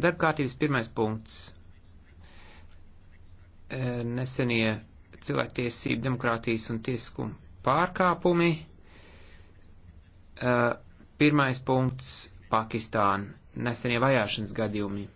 Darbkārtības pirmais punkts. E, nesenie cilvēktiesību, demokrātijas un tiesiskuma pārkāpumi. E, pirmais punkts - Pakistāna. Nesenie vajāšanas gadījumi.